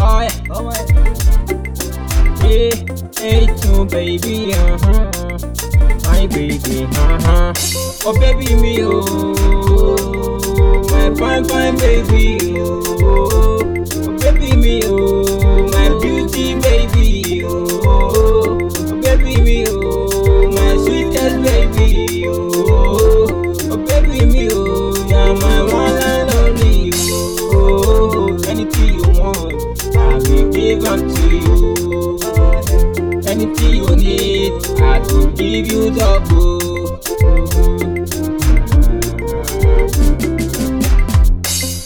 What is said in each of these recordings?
Oi, oh my. Yeah, hey, too, baby, uh huh. My baby, uh huh. Oh, baby, me, oh. My fine, fine, baby, oh. I will give unto you. Anything you need, I will give you double.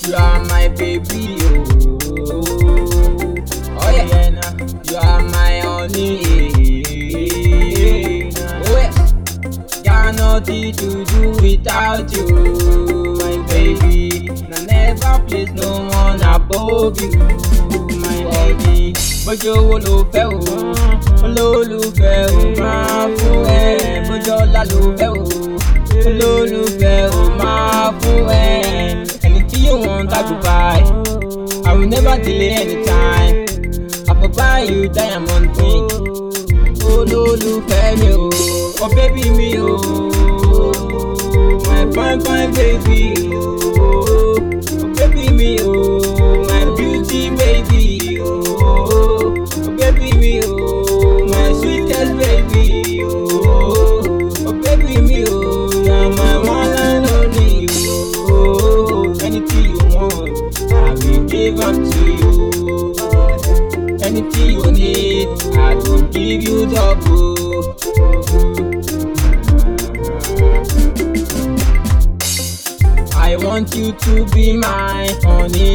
You are my baby, oh, oh yeah, nah. you are my honey. Oh yeah, got nothing to do without you, my baby. I never please no àkọ́bí my baby bójú owó ló fẹ́ o olólùfẹ́ o máa fún ẹ bójú ọlá ló fẹ́ o olólùfẹ́ o máa fún ẹ ẹni tí yóò wọn tágbó báyìí I will never delay any time I for buy you diamond ring olólùfẹ́ mi o oh baby mi o oh. my fine fine baby. give unto you. Anything you need, I will give you double. I want you to be my honey.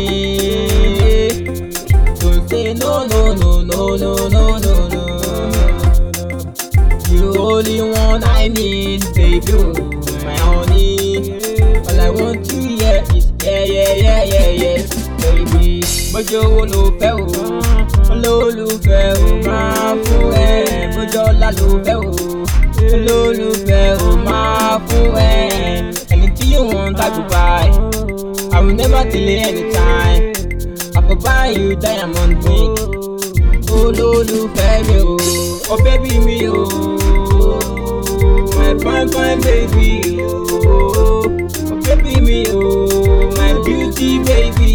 Don't say no, no, no, no, no, no, no, no. the only one I need, baby, oh, my honey. All I want to hear is yeah, yeah, yeah, yeah, yeah bójú owó ló fẹ́ o olólùfẹ́ o máa fún ẹ bójú ọlá ló fẹ́ o olólùfẹ́ o máa fún ẹ ẹni tí yóò wọn tájú báyìí I will never delay you anytime I go buy you diamond ring olólùfẹ́ mi o ọ oh, bẹ́bí mi o my fine fine baby o ọ oh, bẹ́bí mi o my beauty baby.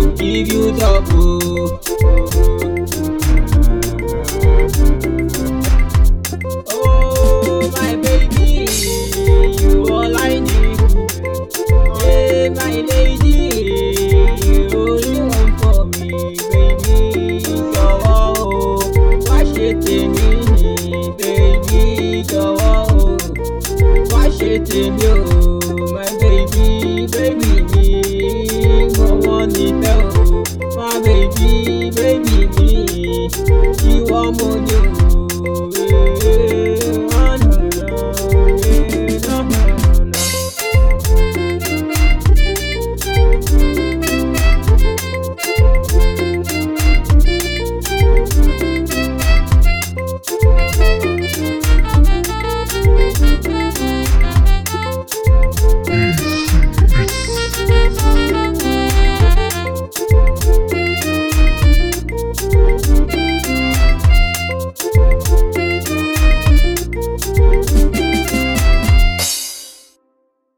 give you trouble. o. Oh. oh my baby, you all I need. Hey my lady, only oh, one for me, baby. Jọ̀wọ́ o, oh, wá ṣe tèmi ni, baby. Jọ̀wọ́ o, wá ṣe tèmi o. nìfẹ́ o má bèbí bèbí mi ìwọ mo ní o.